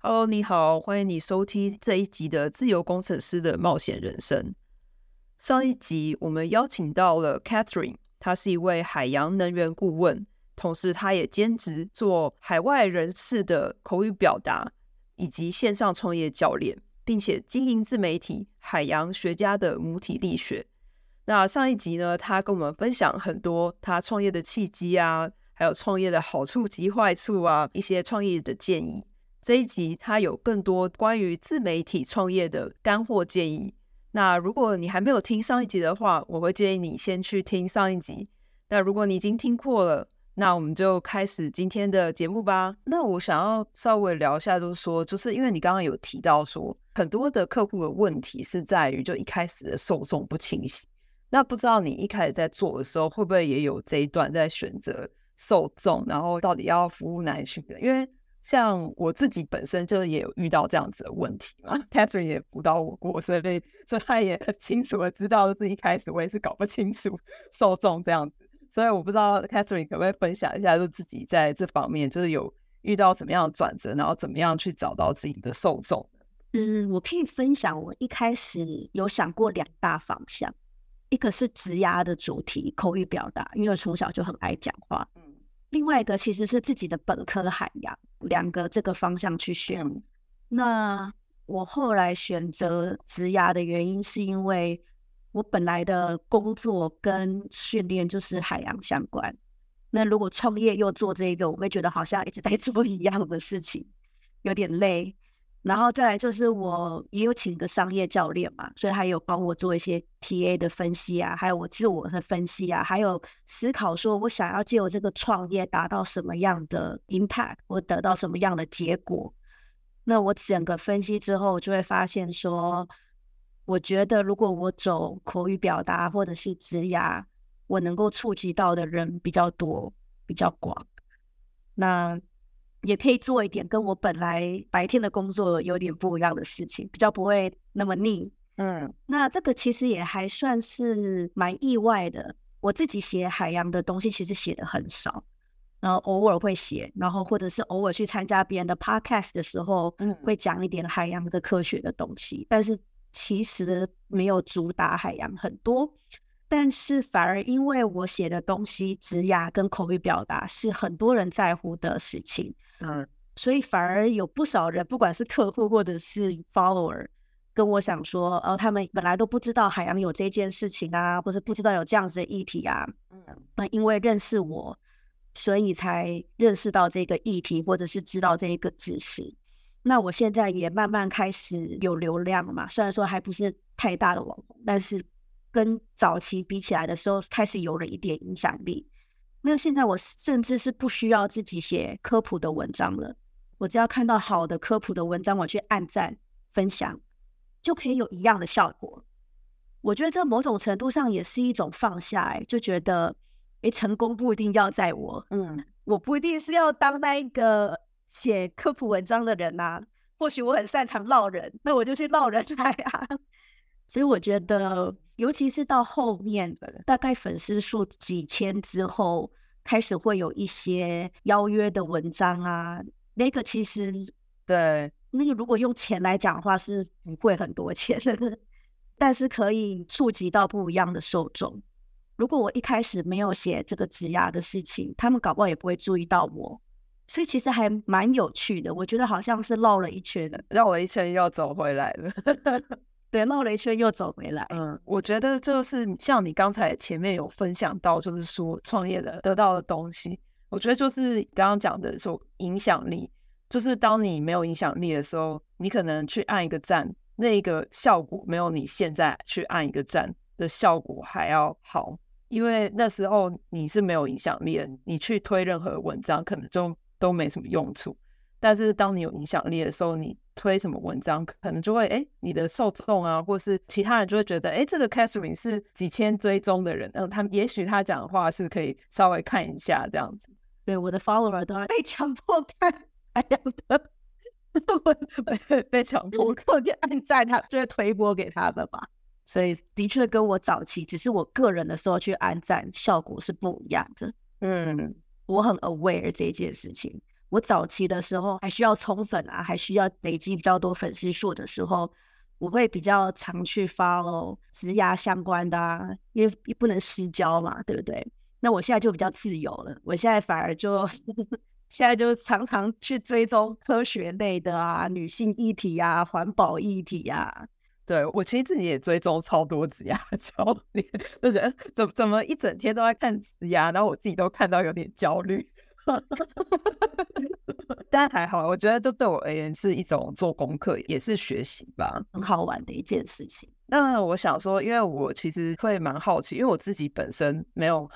Hello，你好，歡迎你收聽這一集的《自由工程師的冒險人生》。上一集我們邀請到了 Katherine，她是一位海洋能源顧問，同時她也兼職做海外人士的口語表達以及線上創業教練，並且經營自媒體《海洋學家的母體力學》。那上一集呢，她跟我們分享很多她創業的契機啊，還有創業的好處及壞處啊，一些創業的建議。這一集他有更多關於自媒體創業的乾貨建議。那如果你還沒有聽上一集的話，我會建議你先去聽上一集。那如果你已經聽過了，那我們就開始今天的節目吧。那我想要稍微聊一下，就是說，就是因為你剛剛有提到說，很多的客戶的問題是在於就一開始的受眾不清晰。那不知道你一開始在做的時候，會不會也有這一段在選擇受眾，然後到底要服務哪一群人？因為像我自己本身就也有遇到這樣子的問題嘛，Catherine 也輔導我過，所以所以他也很清楚的知道，就是一開始我也是搞不清楚受眾這樣子，所以我不知道 Catherine 可不可以分享一下，就自己在這方面就是有遇到什麼樣的轉折，然後怎麼樣去找到自己的受眾。嗯，我可以分享，我一開始有想過兩大方向，一個是職涯的主題口語表達，因為我從小就很愛講話，嗯，另外一個其實是自己的本科的海洋。兩個這個方向去選，那我後來選擇職涯的原因是因為我本來的工作跟訓練就是海洋相關，那如果創業又做這個，我會覺得好像一直在做一樣的事情，有點累。然後再來就是我也有請個商業教練嘛，所以他有幫我做一些 TA 的分析啊，還有我自我的分析啊，還有思考說我想要借由這個創業達到什麼樣的 impact，我得到什麼樣的結果。那我整個分析之後，我就會發現說，我覺得如果我走口語表達或者是職涯，我能夠觸及到的人比較多，比較廣。那也可以做一點跟我本來白天的工作有點不一樣的事情，比較不會那麼膩。嗯，那這個其實也還算是蠻意外的。我自己寫海洋的東西其實寫得很少，然後偶爾會寫，然後或者是偶爾去參加別人的 podcast 的時候，會講一點海洋的科學的東西，嗯、但是其實沒有主打海洋很多，但是反而因為我寫的東西、字眼跟口語表達是很多人在乎的事情。嗯，uh, 所以反而有不少人，不管是客戶或者是 follower，跟我想說，哦，他們本來都不知道海洋有這件事情啊，或者不知道有這樣子的議題啊。嗯、呃，那因為認識我，所以才認識到這個議題，或者是知道這個知識。那我現在也慢慢開始有流量嘛，雖然說還不是太大的網紅，但是跟早期比起來的時候，開始有了一點影響力。那現在我甚至是不需要自己寫科普的文章了，我只要看到好的科普的文章，我去按讚、分享，就可以有一樣的效果。我覺得這某種程度上也是一種放下、欸，就覺得誒，成功不一定要在我，嗯，我不一定是要當那一個寫科普文章的人啊，或許我很擅長烙人，那我就去烙人來啊。 所以我覺得，尤其是到後面大概粉絲數幾千之後，開始會有一些邀約的文章啊，那個其實對那個如果用錢來講的話，是不會很多錢，但是可以觸及到不一樣的受眾。如果我一開始沒有寫這個質押的事情，他們搞不好也不會注意到我。所以其實還蠻有趣的，我覺得好像是繞了一圈，繞了一圈又走回來了。 對，繞了一圈又走回來。嗯，我覺得就是像你剛才前面有分享到，就是說創業的得到的東西，我覺得就是剛剛講的說影響力，就是當你沒有影響力的時候，你可能去按一個讚，那一個效果沒有你現在去按一個讚的效果還要好，因為那時候你是沒有影響力的，你去推任何文章可能就都沒什麼用處。但是當你有影響力的時候，你，推什麼文章，可能就會哎，你的受眾啊，或是其他人就會覺得，哎，這個 Catherine 是幾千追蹤的人，嗯、呃，他們也許他講的話是可以稍微看一下這樣子。對，我的 follower 都要被強迫看，哎 呀， 被強迫他 按讚，他就會推播給他的吧。所以的確跟我早期只是我個人的時候去按讚，效果是不一樣的。嗯，我很 aware 這件事情。我早期的時候還需要衝粉啊，還需要累積比較多粉絲數的時候，我會比較常去發哦，職涯相關的啊，因為也不能失焦嘛，對不對？那我現在就比較自由了，我現在反而就 現在就常常去追蹤科學類的啊，女性議題啊，環保議題啊。對我其實自己也追蹤超多職涯，啊，超，就覺得怎麼怎麼一整天都在看職涯，啊，然後我自己都看到有點焦慮。 但還好，我覺得這對我而言是一種做功課，也是學習吧，很好玩的一件事情。那我想說，因為我其實會蠻好奇，因為我自己本身沒有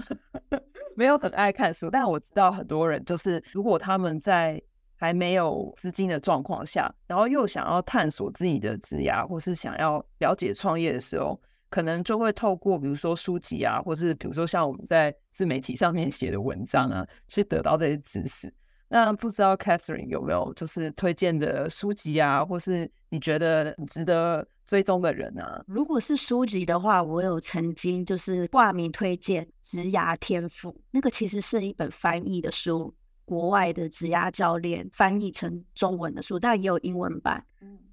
沒有很愛看書， 但我知道很多人就是，如果他們在還沒有資金的狀況下，然後又想要探索自己的職涯，或是想要了解創業的時候。可能就會透過比如說書籍啊，或者是比如說像我們在自媒體上面寫的文章啊，去得到這些知識。那不知道 Katherine 有沒有就是推薦的書籍啊，或是你覺得值得追蹤的人啊？如果是書籍的話，我有曾經就是掛名推薦《職涯天賦》，那個其實是一本翻譯的書。國外的職涯教練翻譯成中文的書，但也有英文版。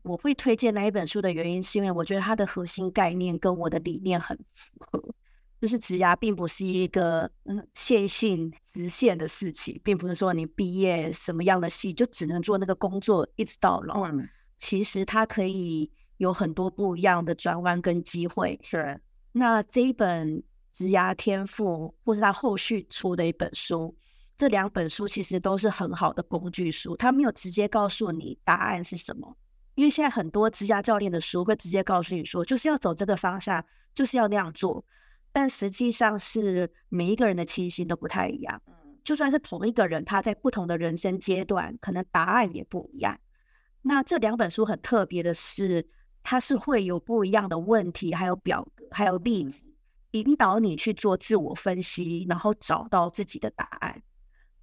我會推薦那一本書的原因，是因為我覺得它的核心概念跟我的理念很符合。 就是職涯並不是一個線性直線的事情，並不是說你畢業什麼樣的系就只能做那個工作一直到老。嗯，其實它可以有很多不一樣的轉彎跟機會。是。那這一本職涯天賦，或是他後續出的一本書。這兩本書其實都是很好的工具書，它沒有直接告訴你答案是什麼，因為現在很多職涯教練的書會直接告訴你說就是要走這個方向，就是要那樣做，但實際上是每一個人的情形都不太一樣。就算是同一個人，他在不同的人生階段，可能答案也不一樣。那這兩本書很特別的是，它是會有不一樣的問題，還有表格，還有例子，引導你去做自我分析，然後找到自己的答案。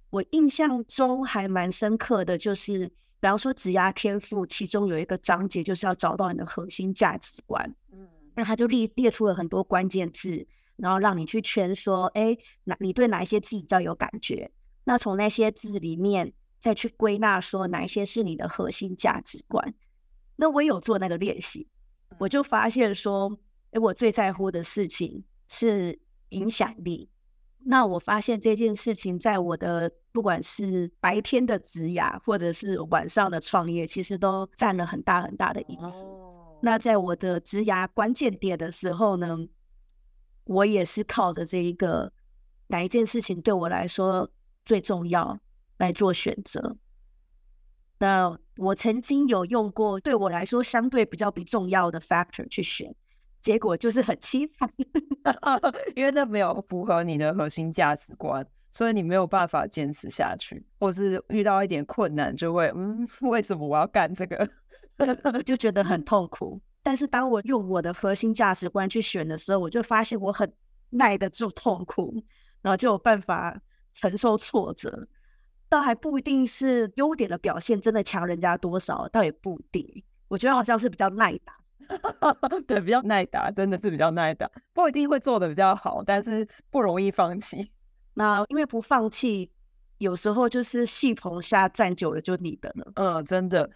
我印象中還蠻深刻的就是，比方說《指壓天賦》，其中有一個章節就是要找到你的核心價值觀。嗯，那他就列列出了很多關鍵字，然後讓你去圈說，哎，哪你對哪一些字比較有感覺？那從那些字裡面再去歸納說，哪一些是你的核心價值觀？那我也有做那個練習，我就發現說，哎，我最在乎的事情是影響力。那我發現這件事情，在我的不管是白天的職涯或者是晚上的創業，其實都佔了很大很大的因素。Oh. 那在我的職涯關鍵點的時候呢，我也是靠着這一個哪一件事情對我來說最重要來做選擇。那我曾經有用過對我來說相對比較不重要的 factor 去選。結果就是很淒慘， 因為那沒有符合你的核心價值觀，所以你沒有辦法堅持下去，或是遇到一點困難就會，嗯，為什麼我要幹這個？ 就覺得很痛苦。但是當我用我的核心價值觀去選的時候，我就發現我很耐得住痛苦，然後就有辦法承受挫折。倒還不一定是優點的表現真的強人家多少，倒也不一定。我覺得好像是比較耐打。 對，比較耐打，真的是比較耐打，不一定會做的比較好，但是不容易放棄。那因為不放棄，有時候就是戲棚下站久了就你的了。嗯，真的，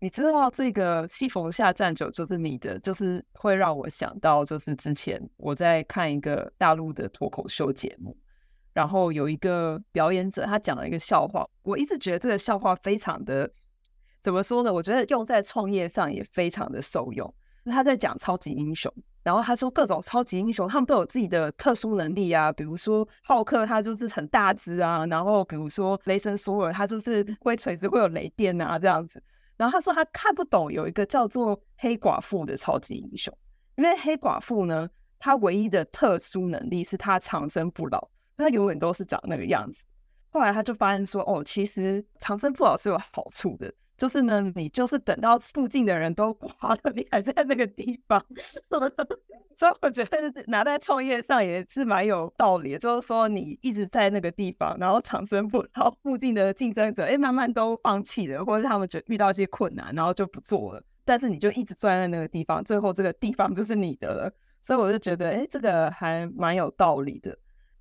你知道這個戲棚下站久就是你的，就是會讓我想到，就是之前我在看一個大陸的脫口秀節目，然後有一個表演者他講了一個笑話，我一直覺得這個笑話非常的，怎麼說呢？我覺得用在創業上也非常的受用。他在講超級英雄，然後他說各種超級英雄，他們都有自己的特殊能力啊，比如說浩克他就是很大只啊，然後比如說雷神索爾他就是會錘子會有雷電啊這樣子。然後他說他看不懂有一個叫做黑寡婦的超級英雄，因為黑寡婦呢，她唯一的特殊能力是她長生不老，她永遠都是長那個樣子。後來他就發現說，哦，其實長生不老是有好處的。就是呢，你就是等到附近的人都掛了，你還在那個地方，所以我覺得拿在創業上也是蠻有道理的。就是說，你一直在那個地方，然後長生不老，然後附近的競爭者哎、欸、慢慢都放棄了，或者他們就遇到一些困難，然後就不做了。但是你就一直站在那個地方，最後這個地方就是你的了。所以我就覺得，哎、欸，這個還蠻有道理的，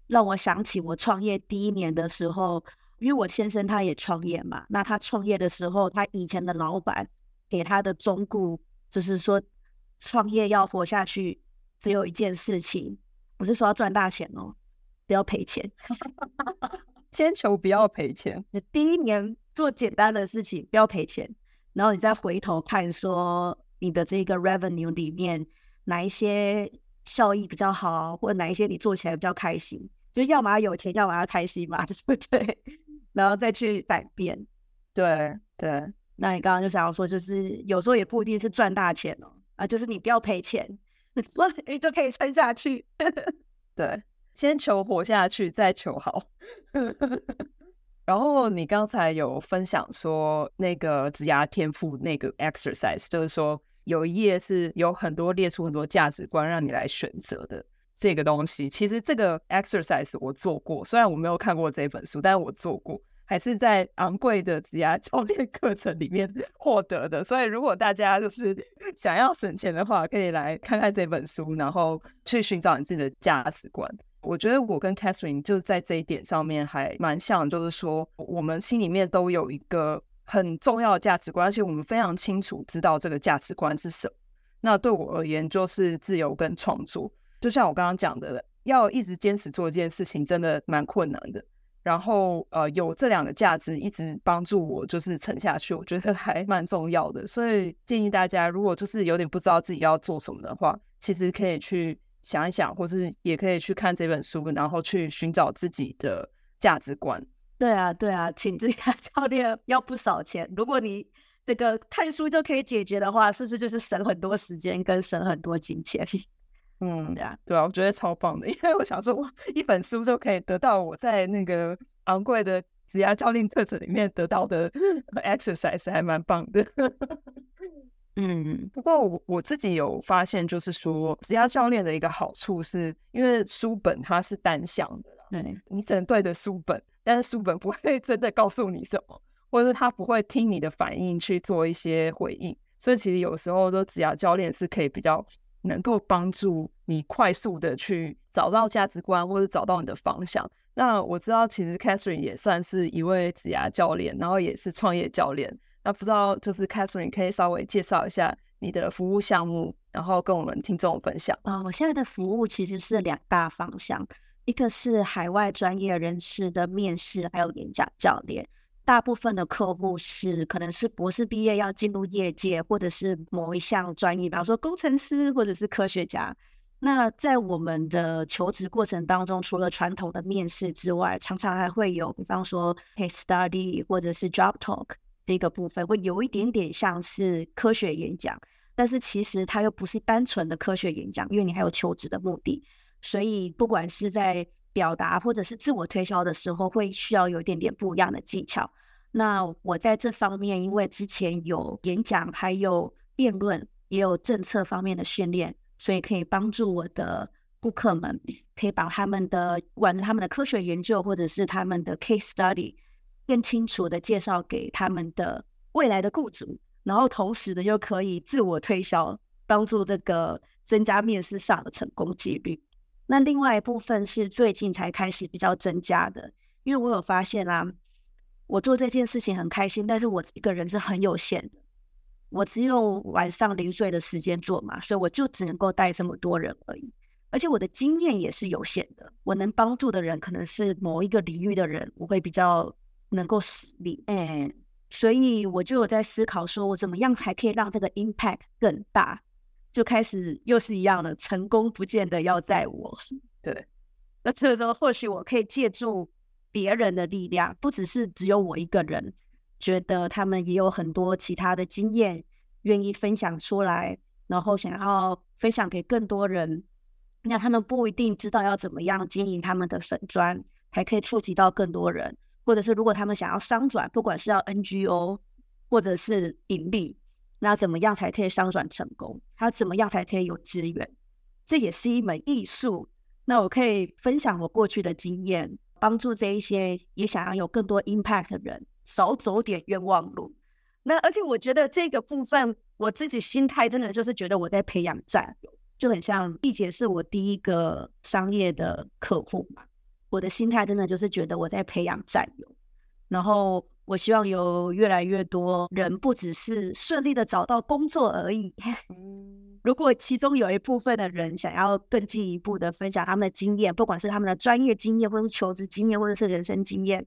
讓我想起我創業第一年的時候。因為我先生他也創業嘛，那他創業的時候，他以前的老闆給他的忠告就是說，創業要活下去，只有一件事情，不是說要賺大錢哦，不要賠錢，先 求不要賠錢。你第一年做簡單的事情，不要賠錢，然後你再回頭看，說你的這個 revenue 裡面哪一些效益比較好，或者哪一些你做起來比較開心，就要嘛他有錢，要嘛他開心嘛，對不對？ 然後再去改變，對對。對，那你剛剛就想要說，就是有時候也不一定是賺大錢哦，啊，就是你不要賠錢，你就可以撐下去。 對，先求活下去，再求好。 然後你剛才有分享說，那個職涯天賦那個 exercise，就是說有一頁是有很多列出很多價值觀讓你來選擇的。這個東西其實，這個 exercise 我做過，雖然我沒有看過這本書，但是我做過，還是在昂貴的職涯教練課程裡面獲得的。所以如果大家就是想要省錢的話，可以來看看這本書，然後去尋找你自己的價值觀。我覺得我跟 Katherine 就在這一點上面還蠻像，就是說我們心裡面都有一個很重要的價值觀，而且我們非常清楚知道這個價值觀是什麼。那對我而言，就是自由跟創作。就像我剛剛講的，要一直堅持做一件事情，真的蠻困難的。然後，呃，有這兩個價值一直幫助我，就是撐下去，我覺得還蠻重要的。所以建議大家，如果就是有點不知道自己要做什麼的話，其實可以去想一想，或是也可以去看這本書，然後去尋找自己的價值觀。對啊，對啊，請這家教練要不少錢，如果你這個看書就可以解決的話，是不是就是省很多時間跟省很多金錢？嗯，對啊，對啊，我覺得超棒的，因為我想說，哇，一本書就可以得到我在那個昂貴的職業教練課程裡面得到的、呃、exercise，還蠻棒的。嗯、 mm，hmm。不過我我自己有發現，就是說職業教練的一個好處是，因為書本它是單向的啦，mm hmm。你對你只能對着書本，但是書本不會真的告訴你什麼，或者是他不會聽你的反應去做一些回應，所以其實有時候說職業教練是可以比較。能夠幫助你快速的去找到價值觀，或者找到你的方向。那我知道，其實 Katherine 也算是一位職業教練，然後也是創業教練。那不知道，就是 Katherine 可以稍微介紹一下你的服務項目，然後跟我們聽眾分享。啊、哦，我現在的服務其實是兩大方向，一個是海外專業人士的面試，還有演講教練。大部分的客戶是可能是博士畢業要進入業界，或者是某一項專業，比方說工程師或者是科學家。那在我們的求職過程當中，除了傳統的面試之外，常常還會有比方說 case study 或者是 job talk 這個部分，會有一點點像是科學演講，但是其實它又不是單純的科學演講，因為你還有求職的目的。所以不管是在表達或者是自我推銷的時候，會需要有點點不一樣的技巧。那我在這方面，因為之前有演講，還有辯論，也有政策方面的訓練，所以可以幫助我的顧客們，可以把他們的，不管是他們的科學研究，或者是他們的 case study，更清楚地介紹給他們的未來的雇主。然後同時的又可以自我推銷，幫助這個增加面試上的成功幾率。那另外一部分是最近才開始比較增加的，因為我有發現啦、啊，我做這件事情很開心，但是我一個人是很有限的，我只有晚上零碎的時間做嘛，所以我就只能夠帶這麼多人而已，而且我的經驗也是有限的，我能幫助的人可能是某一個領域的人，我會比較能夠實力，嗯，所以我就有在思考說我怎麼樣才可以讓這個 impact 更大。就開始又是一樣了，成功不見得要在我。對，那這個時候或許我可以借助別人的力量，不只是只有我一個人，覺得他們也有很多其他的經驗願意分享出來，然後想要分享給更多人。那他們不一定知道要怎麼樣經營他們的粉專，還可以觸及到更多人，或者是如果他們想要商轉，不管是要 NGO 或者是盈利。那怎麼樣才可以商轉成功？他怎麼樣才可以有資源？這也是一門藝術。那我可以分享我過去的經驗，幫助這一些也想要有更多 impact 的人，少走點冤枉路。那而且我覺得這個部分，我自己心態真的就是覺得我在培養戰友，就很像麗姐是我第一個商業的客戶嘛。我的心態真的就是覺得我在培養戰友，然後。我希望有越來越多人，不只是順利的找到工作而已。如果其中有一部分的人想要更進一步的分享他們的經驗，不管是他們的專業經驗，或者是求職經驗，或者是人生經驗，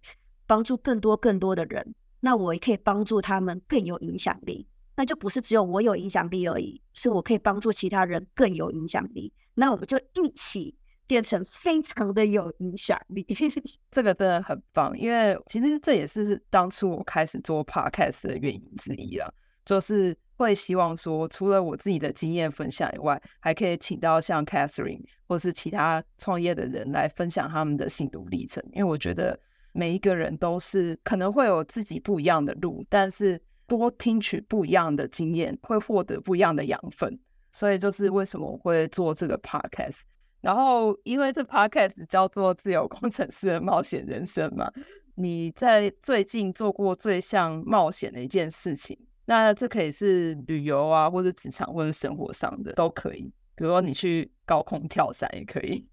幫助更多更多的人，那我也可以幫助他們更有影響力。那就不是只有我有影響力而已，是我可以幫助其他人更有影響力。那我們就一起。變成非常的有影響力， 這個真的很棒。因為其實這也是當初我開始做 podcast 的原因之一啊，就是會希望說，除了我自己的經驗分享以外，還可以請到像 Katherine 或是其他創業的人來分享他們的心路歷程。因為我覺得每一個人都是可能會有自己不一樣的路，但是多聽取不一樣的經驗，會獲得不一樣的養分。所以就是為什麼我會做這個 podcast。然後，因為這 podcast 叫做自由工程師的冒險人生嘛，你在最近做過最像冒險的一件事情，那這可以是旅遊啊，或者職場，或者生活上的都可以。比如說你去高空跳傘也可以，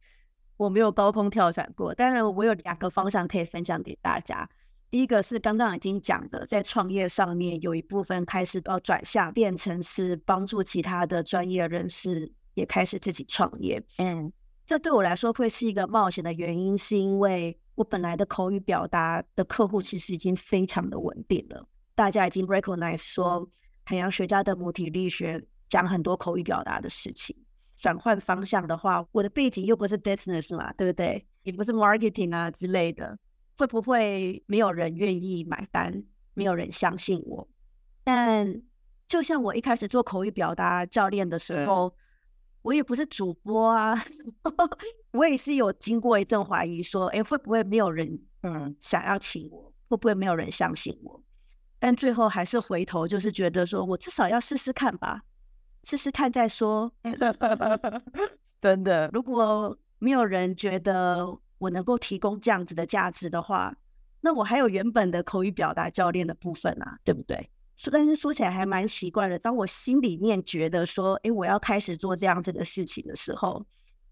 我沒有高空跳傘過，但是我有兩個方向可以分享給大家。第一個是剛剛已經講的，在創業上面有一部分開始要轉向，變成是幫助其他的專業人士也開始自己創業，嗯。這對我來說會是一個冒險的原因，是因為我本來的口語表達的客戶其實已經非常的穩定了，大家已經 recognize 說海洋學家的母體力學講很多口語表達的事情。轉換方向的話，我的背景又不是 business 嘛，對不對？也不是 marketing 啊之類的，會不會沒有人願意買單？沒有人相信我？但就像我一開始做口語表達教練的時候，嗯。我也不是主播啊， 我也是有經過一陣懷疑，說，誒、欸、會不會沒有人嗯想要請我？嗯、會不會沒有人相信我？但最後還是回頭，就是覺得說我至少要試試看吧，試試看再說。 真的，如果沒有人覺得我能夠提供這樣子的價值的話，那我還有原本的口語表達教練的部分啊，對不對？說，但是說起來還蠻奇怪的。當我心裡面覺得說，哎，我要開始做這樣子的事情的時候，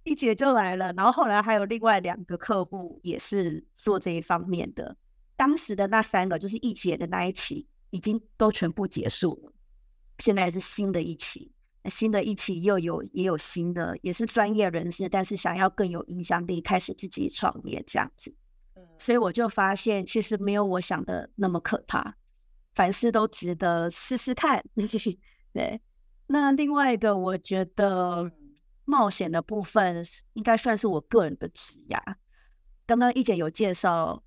一姐就來了。然後後來還有另外兩個客戶也是做這一方面的。當時的那三個，就是一姐的那一期，已經都全部結束了。現在是新的一期，新的一期又有也有新的，也是專業人士，但是想要更有影響力，開始自己創業這樣子。所以我就發現，其實沒有我想的那麼可怕。凡事都值得試試看，對。那另外一個，我覺得冒險的部分應該算是我個人的職涯。剛剛一姐有介紹，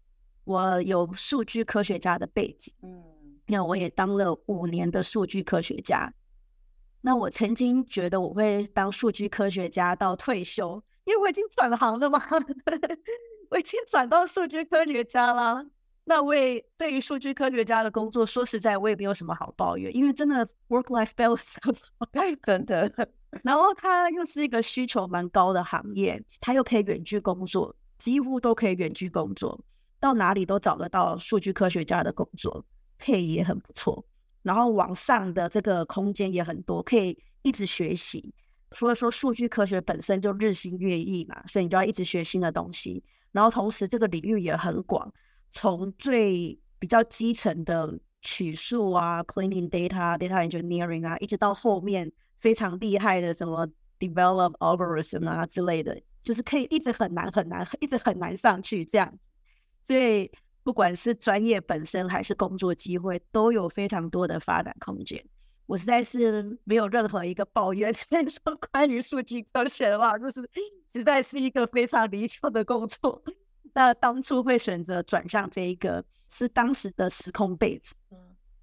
我有數據科學家的背景，嗯，那我也當了五年的數據科學家。那我曾經覺得我會當數據科學家到退休，因為我已經轉行了嘛， 我已經轉到數據科學家了。那我也對於數據科學家的工作，說實在，我也沒有什麼好抱怨，因為真的 work life balance 真的。然後它又是一個需求蠻高的行業，它又可以遠距工作，幾乎都可以遠距工作，到哪裡都找得到數據科學家的工作，配也很不錯。然後網上的這個空間也很多，可以一直學習。所以說，數據科學本身就日新月異嘛，所以你就要一直學新的東西。然後同時，這個領域也很廣。從最比較基層的取數啊，cleaning data，data data engineering 啊，一直到後面非常厲害的什麼 develop algorithm 啊之類的，就是可以一直很難很難一直很難上去這樣。所以不管是專業本身還是工作機會，都有非常多的發展空間。我實在是沒有任何一個抱怨，但是說關於數據科學的話，就是實在是一個非常理想的工作。那當初會選擇轉向這一個，是當時的時空背景。嗯，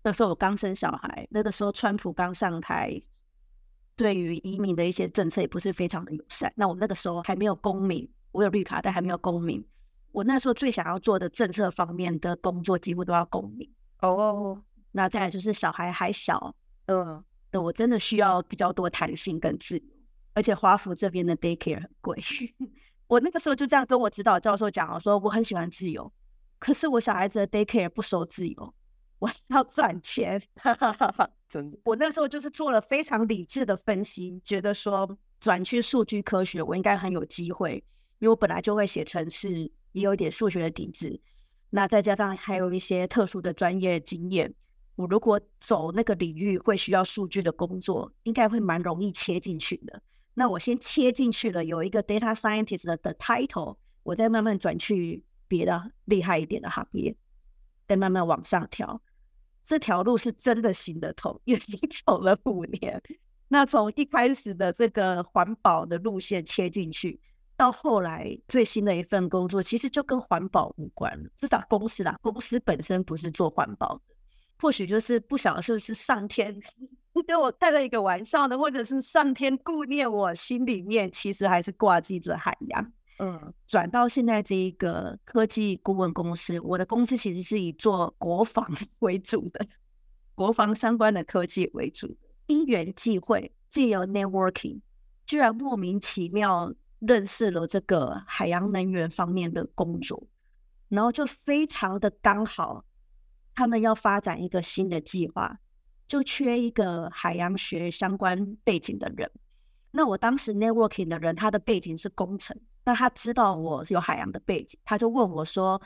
那時候我剛生小孩，那個時候川普剛上台，對於移民的一些政策也不是非常的友善。那我那個時候還沒有公民，我有綠卡，但還沒有公民。我那時候最想要做的政策方面的工作，幾乎都要公民。哦，oh. 那再來就是小孩還小，uh. 嗯，那我真的需要比較多彈性跟自由。而且華府這邊的 daycare 很貴。 我那個時候就這樣跟我指導教授講了，說我很喜歡自由，可是我小孩子的 daycare 不收自由，我要賺錢。 真的，我那個時候就是做了非常理智的分析，覺得說轉去數據科學，我應該很有機會，因為我本來就會寫程式，也有一點數學的底子，那再加上還有一些特殊的專業的經驗，我如果走那個領域，會需要數據的工作，應該會蠻容易切進去的。那我先切進去了，有一個 data scientist 的的 title，我再慢慢轉去別的厲害一點的行業，再慢慢往上調。這條路是真的行得通，因為你走了五年。那從一開始的這個環保的路線切進去，到後來最新的一份工作，其實就跟環保無關了，至少公司啦，公司本身不是做環保的，或許就是不曉得是不是上天。對，我開了一個玩笑的，或者是上天顧念我心裡面，其實還是掛記着海洋。嗯，轉到現在這一個科技顧問公司，我的公司其實是以做國防為主的，國防相關的科技為主。因緣際會，藉由 networking，居然莫名其妙認識了這個海洋能源方面的工作，然後就非常的剛好，他們要發展一個新的計劃。就缺一個海洋學相關背景的人。那我當時 networking 的人，他的背景是工程，那他知道我有海洋的背景，他就問我說：“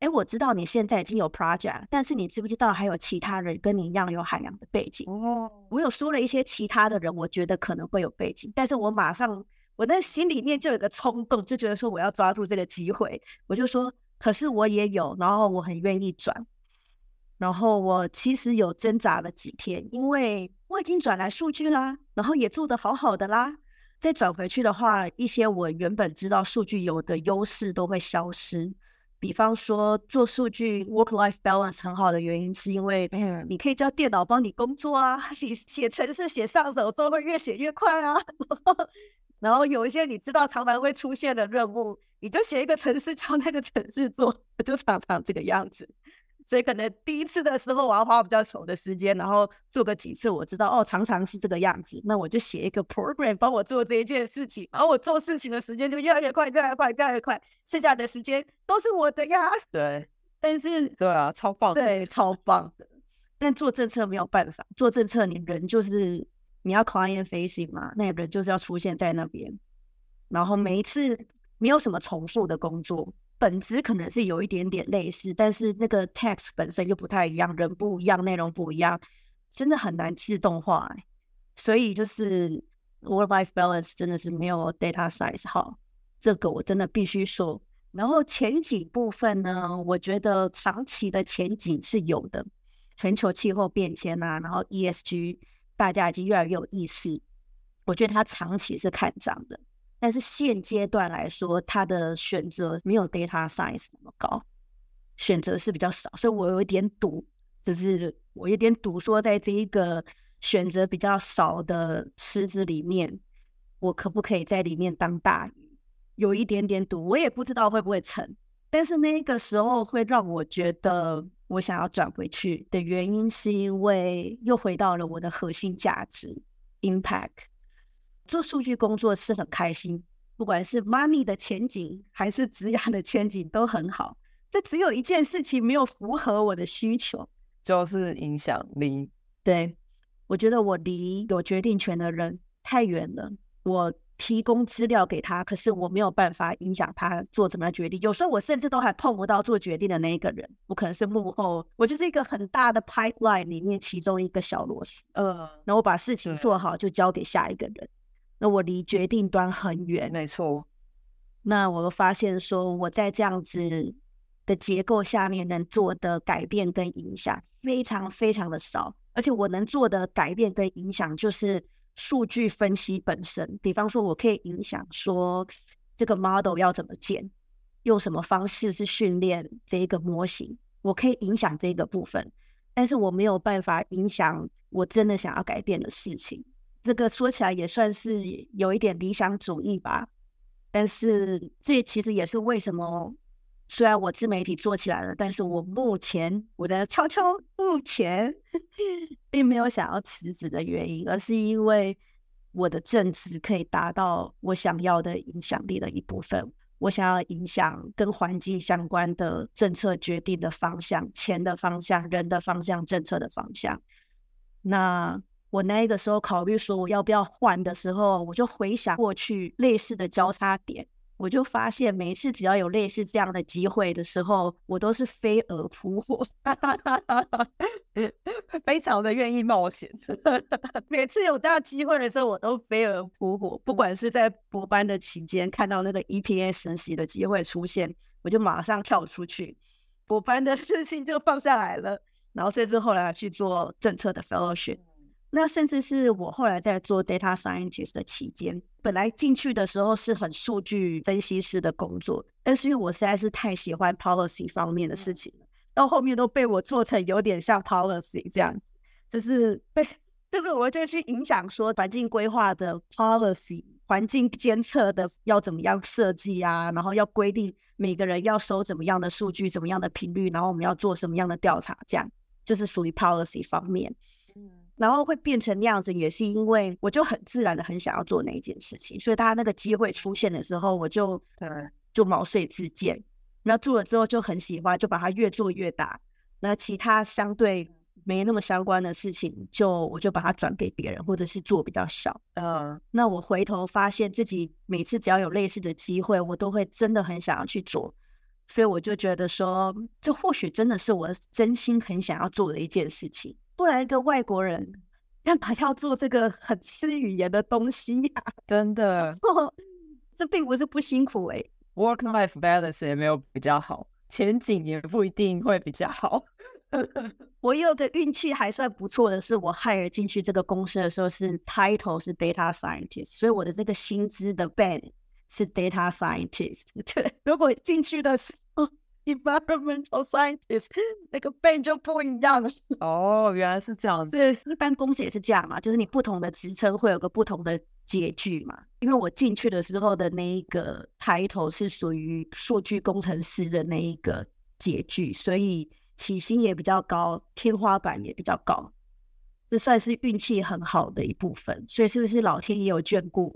誒、欸，我知道你現在已經有 project，但是你知不知道還有其他人跟你一樣有海洋的背景？”哦、嗯，我有說了一些其他的人，我覺得可能會有背景，但是我馬上，我那心裡面就有個衝動，就覺得說我要抓住這個機會，我就說：“可是我也有，然後我很願意轉。”然後我其實有掙扎了幾天，因為我已經轉來數據啦，然後也做的好好的啦。再轉回去的話，一些我原本知道數據有的優勢都會消失。比方說，做數據 work life balance 很好的原因，是因為、嗯、你可以叫電腦幫你工作啊，你寫程式寫上手之後會越寫越快啊。 然後有一些你知道常常會出現的任務，你就寫一個程式叫那個程式做，就常常這個樣子。所以可能第一次的時候我要花比較久的時間，然後做個幾次，我知道哦，常常是這個樣子，那我就寫一個 program 幫我做這一件事情，然後我做事情的時間就越來越快，越來越快，越來越快，剩下的時間都是我的呀。對，但是對啊，超棒的，對，超棒的。 但做政策沒有辦法，做政策你人就是你要 client facing 嘛，那個人就是要出現在那邊，然後每一次沒有什麼重複的工作。本質可能是有一點點類似，但是那個 text 本身就不太一樣，人不一樣，內容不一樣，真的很難自動化，欸。所以就是 work life balance 真的是沒有 data size 好，這個我真的必須說。然後前景部分呢，我覺得長期的前景是有的，全球氣候變遷吶、啊，然後 E S G 大家已經越來越有意識，我覺得它長期是看漲的。但是現階段來說，它的選擇沒有 data science 那麼高，選擇是比較少，所以我有一點賭，就是我有點賭說，在這一個選擇比較少的池子裡面，我可不可以在裡面當大魚？有一點點賭，我也不知道會不會成。但是那個時候會讓我覺得，我想要轉回去的原因，是因為又回到了我的核心價值 impact。做數據工作是很開心，不管是 money 的前景還是職涯的前景都很好。這只有一件事情沒有符合我的需求，就是影響力。對，我覺得我離有決定權的人太遠了。我提供資料給他，可是我沒有辦法影響他做怎麼樣決定。有時候我甚至都還碰不到做決定的那一個人。我可能是幕後，我就是一個很大的 pipeline 裡面其中一個小螺絲。呃，那我把事情做好就交給下一個人。我離決定端很遠錯，沒錯。那我發現說我在這樣子的結構下面能做的改變跟影響非常非常的少，而且我能做的改變跟影響就是數據分析本身。比方說，我可以影響說這個 model 要怎麼建，用什麼方式去訓練這一個模型，我可以影響這個部分，但是我沒有辦法影響我真的想要改變的事情。這個說起來也算是有一點理想主義吧，但是這其實也是為什麼雖然我自媒體做起來了，但是我目前我在悄悄目前並沒有想要辭職的原因，而是因為我的正職可以達到我想要的影響力的一部分，我想要影響跟環境相關的政策決定的方向、錢的方向、人的方向、政策的方向，那。我那個時候考慮說我要不要換的時候，我就回想過去類似的交叉點，我就發現每一次只要有類似這樣的機會的時候，我都是飛蛾撲火， 非常的願意冒險。 每次有大機會的時候，我都飛蛾撲火，不管是在博班的期間看到那個 EPA 實習的機會出現，我就馬上跳出去，博班的事情就放下來了。然後甚至後來還去做政策的 fellowship。那甚至是我後來在做 data scientist 的期間，本來進去的時候是很數據分析師的工作，但是因為我實在是太喜歡 policy 方面的事情，到後面都被我做成有點像 policy 這樣子，就是被就是我就去影響說環境規劃的 policy、環境監測的要怎麼樣設計啊，然後要規定每個人要收怎麼樣的數據、怎麼樣的頻率，然後我們要做什麼樣的調查，這樣就是屬於 policy 方面。然後會變成那樣子，也是因為我就很自然的很想要做那一件事情，所以他那個機會出現的時候，我就，呃，就毛遂自薦。那做了之後就很喜歡，就把它越做越大。那其他相對沒那麼相關的事情，就我就把它轉給別人，或者是做比較少。嗯，那我回頭發現自己每次只要有類似的機會，我都會真的很想要去做，所以我就覺得說，這或許真的是我真心很想要做的一件事情。不然一個外國人幹嘛要做這個很吃語言的東西呀？啊？真的，哦，這並不是不辛苦，欸、Work-life balance 也沒有比較好，前景也不一定會比較好。 我有個運氣還算不錯的是，我 hire 進去這個公司的時候是 title 是 data scientist，所以我的這個薪資的 band 是 data scientist。對， 如果進去的時候……哦 Environmental scientist 那個背就不一樣了哦，oh, 原來是這樣子。一般是公司也是這樣嘛，就是你不同的職稱會有個不同的結句嘛。因為我進去的時候的那一個抬頭是屬於數據工程師的那一個結句，所以起薪也比較高，天花板也比較高。這算是運氣很好的一部分，所以是不是老天也有眷顧？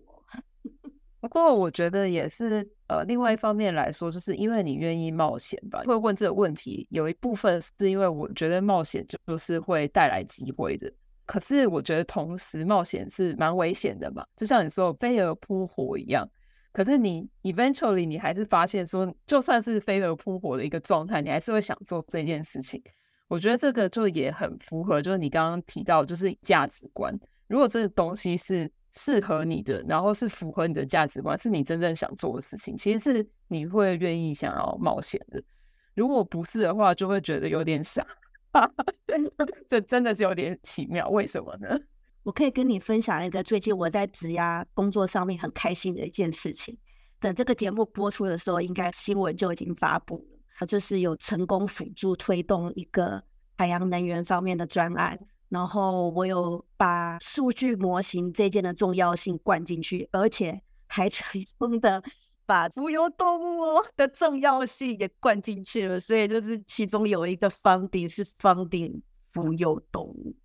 不過我覺得也是，呃，另外一方面來說，就是因為你願意冒險吧，會問這個問題，有一部分是因為我覺得冒險就是會帶來機會的。可是我覺得同時冒險是蠻危險的嘛，就像你說飛蛾撲火一樣。可是你 eventually 你還是發現說，就算是飛蛾撲火的一個狀態，你還是會想做這件事情。我覺得這個就也很符合，就是你剛剛提到，就是價值觀。如果這個東西是。適合你的，然後是符合你的價值觀，是你真正想做的事情。其實是你會願意想要冒險的。如果不是的話，就會覺得有點傻。這 真的是有點奇妙，為什麼呢？我可以跟你分享一個最近我在職涯工作上面很開心的一件事情。等這個節目播出的時候，應該新聞就已經發布了，就是有成功輔助推動一個海洋能源方面的專案。然後我有把數據模型這件的重要性灌進去，而且還成功的把浮游動物的重要性也灌進去了。所以就是其中有一個 funding 是 funding 浮游動物。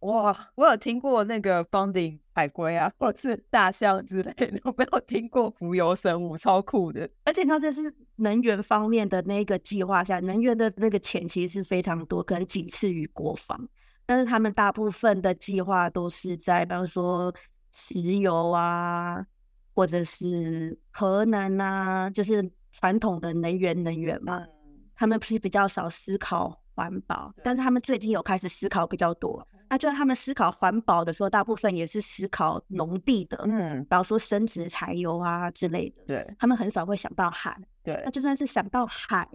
哇，我有聽過那個 funding 海龜啊，或者是大象之類的，我沒有聽過浮游生物，超酷的。而且它，這是能源方面的那個計劃下，能源的那個錢其實是非常多，可能僅次於國防。但是他們大部分的計劃都是在，比方說石油啊，或者是核能啊，就是傳統的能源能源嘛。嗯、他們是比較少思考環保，對但是他們最近有開始思考比較多。那就算他們思考環保的時候，大部分也是思考農地的，嗯，比方說生質柴油啊之類的。對，他們很少會想到海。對，那就算是想到海，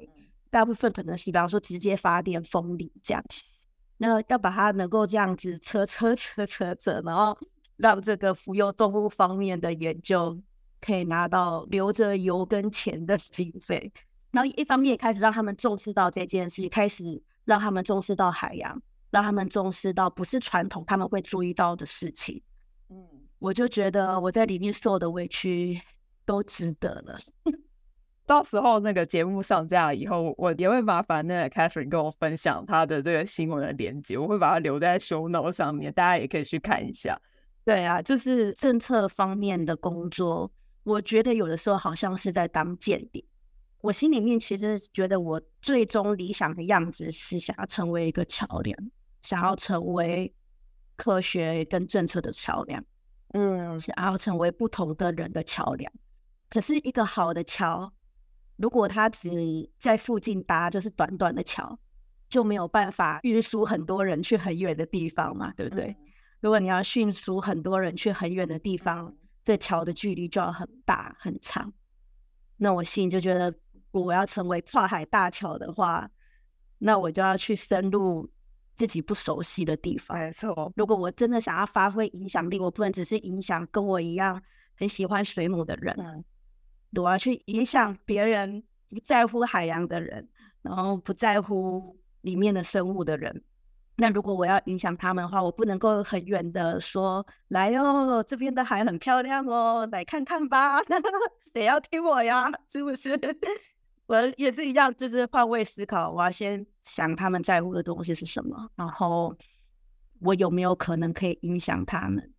大部分可能是比方說直接發電、風力這樣。那要把它能夠這樣子扯，扯扯扯扯扯，然後讓這個浮游動物方面的研究可以拿到留着油跟錢的經費，然後一方面也開始讓他們重視到這件事，開始讓他們重視到海洋，讓他們重視到不是傳統他們會注意到的事情。嗯，我就覺得我在裡面受的委屈都值得了。 到時候那個節目上架以後，我也會麻煩那個 Katherine 跟我分享她的這個新聞的鏈接，我會把它留在 Show Note 上面，大家也可以去看一下。對啊，就是政策方面的工作，我覺得有的時候好像是在當間諜。我心裡面其實覺得，我最終理想的樣子是想要成為一個橋梁，想要成為科學跟政策的橋梁，嗯，想要成為不同的人的橋梁。可是一個好的橋。如果他只在附近搭，就是短短的橋，就沒有辦法運輸很多人去很遠的地方嘛，對不對？嗯、如果你要運輸很多人去很遠的地方，這橋的距離就要很大很長。那我心裡就覺得，如果我要成為跨海大橋的話，那我就要去深入自己不熟悉的地方。沒錯，如果我真的想要發揮影響力，我不能只是影響跟我一樣很喜歡水母的人。嗯我要去影響別人不在乎海洋的人，然後不在乎裡面的生物的人。那如果我要影響他們的話，我不能夠很遠的說：“來喲，這邊的海很漂亮哦，來看看吧。 ”誰要聽我呀？是不是？我也是一樣，就是換位思考，我要先想他們在乎的東西是什麼，然後我有沒有可能可以影響他們？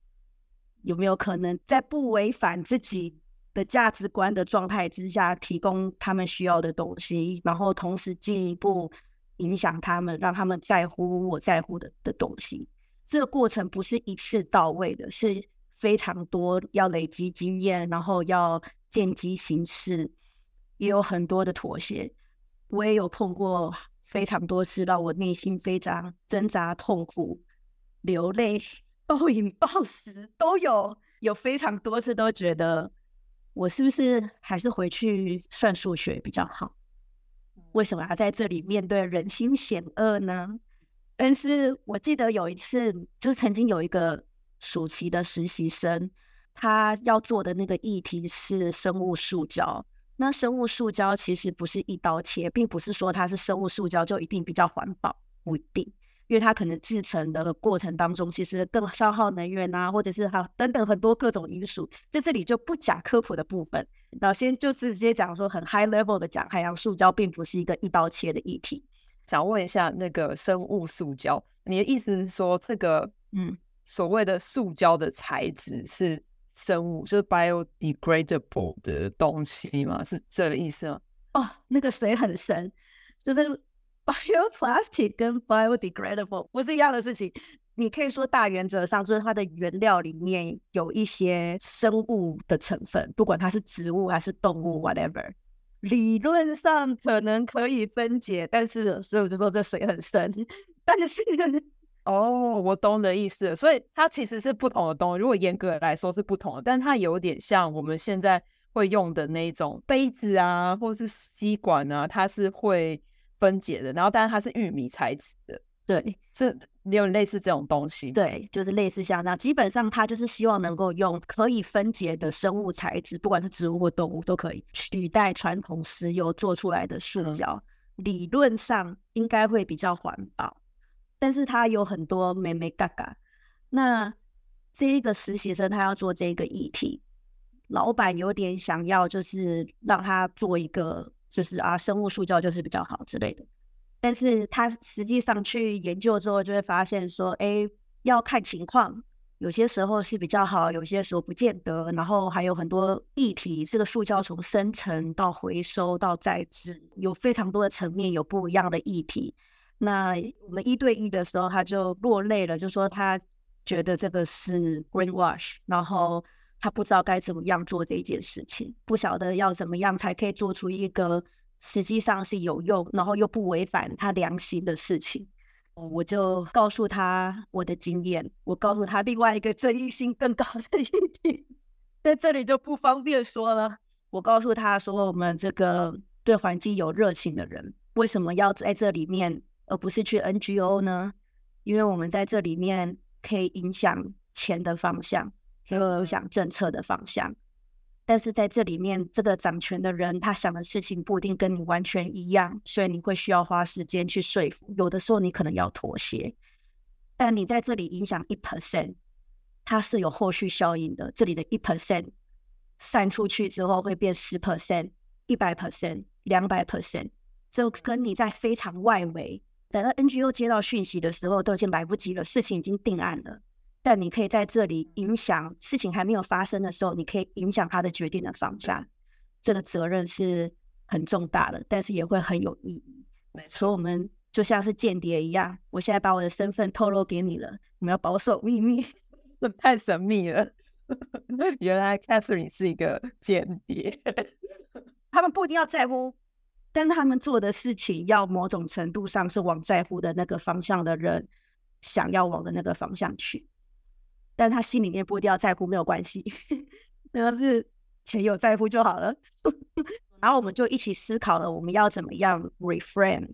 有沒有可能在不違反自己？的價值觀的狀態之下，提供他們需要的東西，然後同時進一步影響他們，讓他們在乎我在乎的的東西。這個過程不是一次到位的，是非常多要累積經驗，然後要見機行事，也有很多的妥協。我也有碰過非常多次，讓我內心非常掙扎、痛苦、流淚、暴飲暴食，都有有非常多次都覺得。我是不是還是回去算數學比較好？為什麼要在這裡面對人心險惡呢？但是我記得有一次，就是曾經有一個暑期的實習生，他要做的那個議題是生物塑膠。那生物塑膠其實不是一刀切，並不是說它是生物塑膠就一定比較環保，不一定。因為它可能製成的過程當中，其實更消耗能源啊，或者是哈等等很多各種因素，在這裡就不講科普的部分，那先就直接講說很 high level 的講，海洋塑膠並不是一個一刀切的議題。想問一下，那個生物塑膠，你的意思是說這個嗯，所謂的塑膠的材質是生物，嗯、就是 biodegradable 的東西嗎？是這個意思嗎？哦，那個水很深，就是。Bioplastic 跟 biodegradable 不是一樣的事情。你可以說大原則上就是它的原料裡面有一些生物的成分，不管它是植物還是動物，whatever。理論上可能可以分解，但是所以我就說這水很深。但是哦，我懂你的意思，所以它其實是不同的東西。如果嚴格來說是不同的，但它有點像我們現在會用的那種杯子啊，或是吸管啊，它是會。分解的，然後，但是它是玉米材質的，對，是有類似這種東西，對，就是類似像那，基本上它就是希望能夠用可以分解的生物材質，不管是植物或動物都可以取代傳統石油做出來的塑膠，嗯、理論上應該會比較環保，但是它有很多眉眉角角。那這一個實習生他要做這個議題，老板有點想要，就是讓他做一個。就是啊，生物塑膠就是比較好之類的，但是他實際上去研究之後，就會發現說，哎、欸，要看情況，有些時候是比較好，有些時候不見得。然後還有很多議題，這個塑膠從生成到回收到再制，有非常多的層面，有不一樣的議題。那我們一對一的時候，他就落淚了，就說他覺得這個是 greenwash，然後。他不知道該怎麼樣做這件事情，不曉得要怎麼樣才可以做出一個實際上是有用，然後又不違反他良心的事情。我就告訴他我的經驗，我告訴他另外一個爭議性更高的議題，在這裡就不方便說了。我告訴他說，我們這個對環境有熱情的人，為什麼要在這裡面，而不是去 NGO 呢？因為我們在這裡面可以影響錢的方向。影響政策的方向，但是在這裡面，這個掌權的人他想的事情不一定跟你完全一樣，所以你會需要花時間去說服。有的時候你可能要妥協，但你在這裡影響一 percent，它是有後續效應的。這裡的一 percent 散出去之後，會變十 percent、一百 percent、兩百 percent，就跟你在非常外圍，等到 NGO 接到訊息的時候，都已經來不及了，事情已經定案了。但你可以在這裡影響事情還沒有發生的時候，你可以影響他的決定的方向。這個責任是很重大的，但是也會很有意義。對，所以我們就像是間諜一樣。我現在把我的身份透露給你了，我們要保守秘密。這太神秘了，原來 Catherine 是一個間諜。他們不一定要在乎，但他們做的事情要某種程度上是往在乎的那個方向的人想要往的那個方向去。但他心裡面不一定要在乎，沒有關係， 那要是錢有在乎就好了。 然後我們就一起思考了，我們要怎麼樣 reframe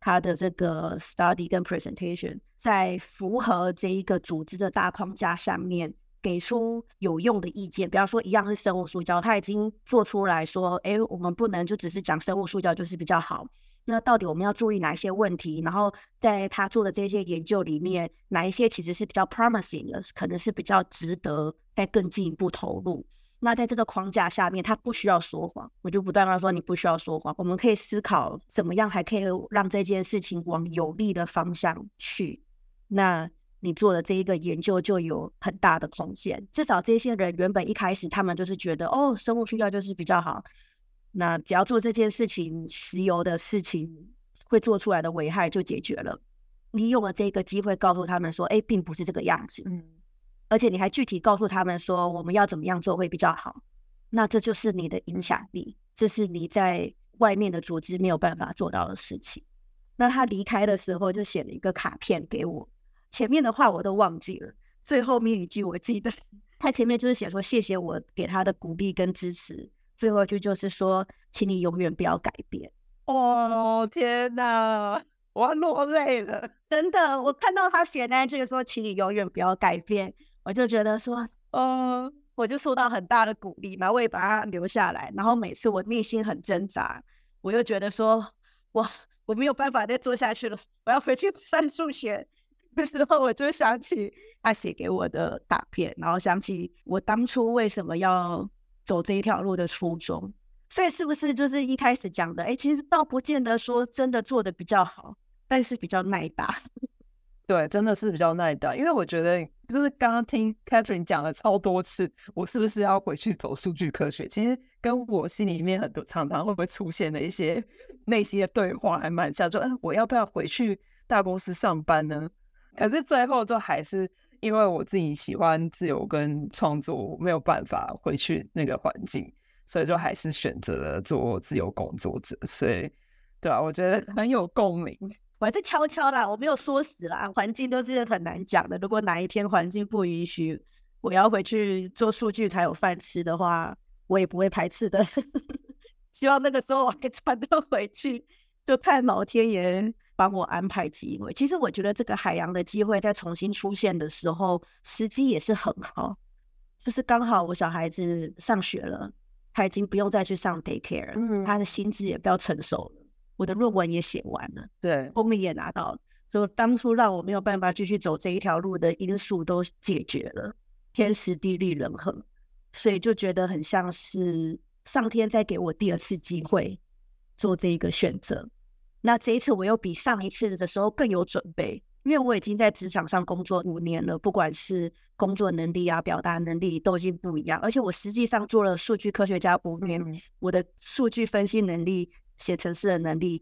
他的這個 study 跟 presentation，在符合這一個組織的大框架上面，給出有用的意見。比方說，一樣是生物塑膠，他已經做出來說，誒、欸，我們不能就只是講生物塑膠就是比較好。那到底我們要注意哪一些問題？然後在他做的這些研究裡面，哪一些其實是比較 promising 的，可能是比較值得再更進一步投入？那在這個框架下面，他不需要說謊，我就不斷跟他說：“你不需要說謊。”我們可以思考怎麼樣還可以讓這件事情往有利的方向去。那你做的這一個研究就有很大的空間。至少這些人原本一開始他們就是覺得，哦，生物需要就是比較好。那只要做這件事情，石油的事情會做出來的危害就解決了。你用了這個機會告訴他們說，哎，並不是這個樣子。嗯，而且你還具體告訴他們說，我們要怎麼樣做會比較好。那這就是你的影響力，這是你在外面的組織沒有辦法做到的事情。那他離開的時候就寫了一個卡片給我，前面的話我都忘記了，最後面一句我記得。他前面就是寫說，謝謝我給他的鼓勵跟支持。最後一句就是說，請你永遠不要改變。哦天哪，我要落淚了。等等，我看到他寫那句說，請你永遠不要改變，我就覺得說，嗯、哦，我就受到很大的鼓勵，然後我也把它留下來。然後每次我內心很掙扎，我又覺得說我我沒有辦法再做下去了，我要回去算數學。那時候我就想起他寫給我的卡片，然後想起我當初為什麼要。走這一條路的初衷，所以是不是就是一開始講的？哎、欸，其實倒不見得說真的做的比較好，但是比較耐打。對，真的是比較耐打。因為我覺得，就是剛剛聽 Catherine 講了超多次，我是不是要回去走數據科學？其實跟我心裡面很多常常會不會出現的一些內心的對話還蠻像，說、嗯，我要不要回去大公司上班呢？可是最後就還是。因為我自己喜歡自由跟創作，沒有辦法回去那個環境，所以就還是選擇了做自由工作者。所以對啊，我覺得很有共鳴。我還是悄悄啦，我沒有說死啦。環境都是很難講的，如果哪一天環境不允許，我要回去做數據才有飯吃的話，我也不會排斥的。 希望那個時候我還穿得回去，就看老天爺。幫我安排機會。其實我覺得這個海洋的機會在重新出現的時候，時機也是很好，就是剛好我小孩子上學了，他已經不用再去上 daycare、嗯嗯、他的心智也比較成熟了。我的論文也寫完了，對，功名也拿到了，所以當初讓我沒有辦法繼續走這一條路的因素都解決了，天時地利人和，所以就覺得很像是上天在給我第二次機會做這一個選擇。那這一次我又比上一次的時候更有準備，因為我已經在職場上工作五年了，不管是工作能力啊、表達能力都已經不一樣。而且我實際上做了數據科學家五年，嗯，我的數據分析能力、寫程式的能力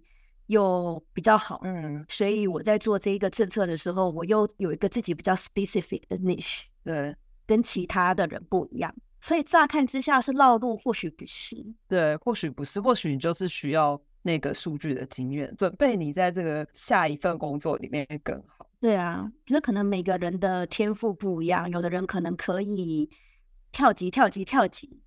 又比較好。嗯，所以我在做這一個政策的時候，我又有一個自己比較 specific 的 niche，對，跟其他的人不一樣。所以乍看之下是繞路，或許不是。對，或許不是，或許你就是需要。那個數據的經驗，準備你在這個下一份工作裡面更好。對啊，覺得可能每個人的天賦不一樣，有的人可能可以跳級、跳級、跳級，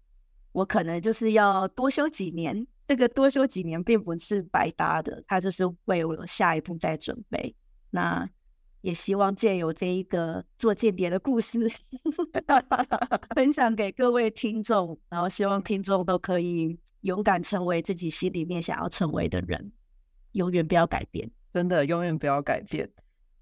我可能就是要多修幾年。這個多修幾年並不是白搭的，它就是為我下一步在準備。那也希望借由這一個做間諜的故事，分 享給各位聽眾，然後希望聽眾都可以。勇敢成為自己心裡面想要成為的人，永遠不要改變，真的永遠不要改變。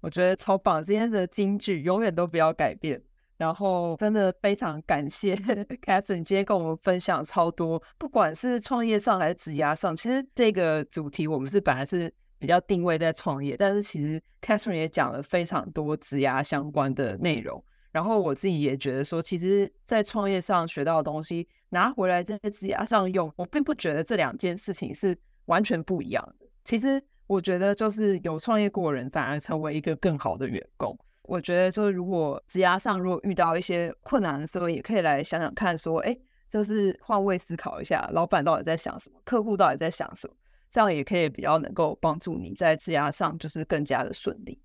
我覺得超棒，今天的金句永遠都不要改變。然後真的非常感謝呵呵 Catherine 今天跟我們分享超多，不管是創業上還是職涯上，其實這個主題我們是本來是比較定位在創業，但是其實 Catherine 也講了非常多職涯相關的內容。然後我自己也覺得說，其實在創業上學到的東西。拿回來在職涯上用，我並不覺得這兩件事情是完全不一樣的。其實我覺得，就是有創業過的人反而成為一個更好的員工。我覺得就是如果職涯上如果遇到一些困難的時候，也可以來想想看，說，哎，就是換位思考一下，老闆到底在想什麼，客戶到底在想什麼，這樣也可以比較能夠幫助你在職涯上就是更加的順利。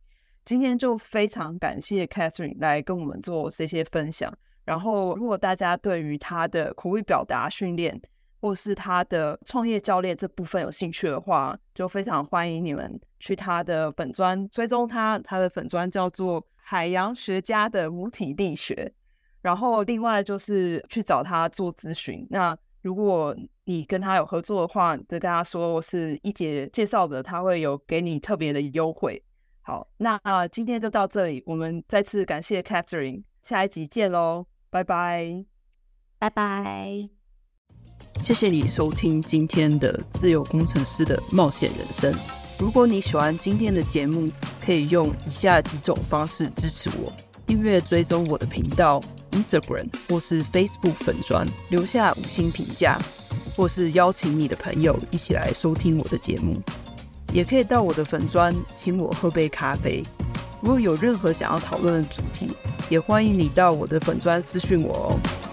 今天就非常感謝 Katherine 來跟我們做這些分享。然後，如果大家對於他的口語表達訓練，或是他的創業教練這部分有興趣的話，就非常歡迎你們去他的粉專追蹤他，他的粉專叫做《海洋學家的母體力學》。然後，另外就是去找他做諮詢。那如果你跟他有合作的話，就跟他說我是一姐介紹的，他會有給你特別的優惠。好，那、呃、今天就到這裡，我們再次感謝 Katherine，下一集見嘍。拜拜，拜拜！Bye bye 謝謝你收聽今天的《自由工程師的冒險人生》。如果你喜歡今天的節目，可以用以下幾種方式支持我：訂閱追蹤我的頻道、Instagram 或是 Facebook 粉專，留下五星評價，或是邀請你的朋友一起來收聽我的節目。也可以到我的粉專，請我喝杯咖啡。如果有任何想要討論的主題，也歡迎你到我的粉專私訊我哦。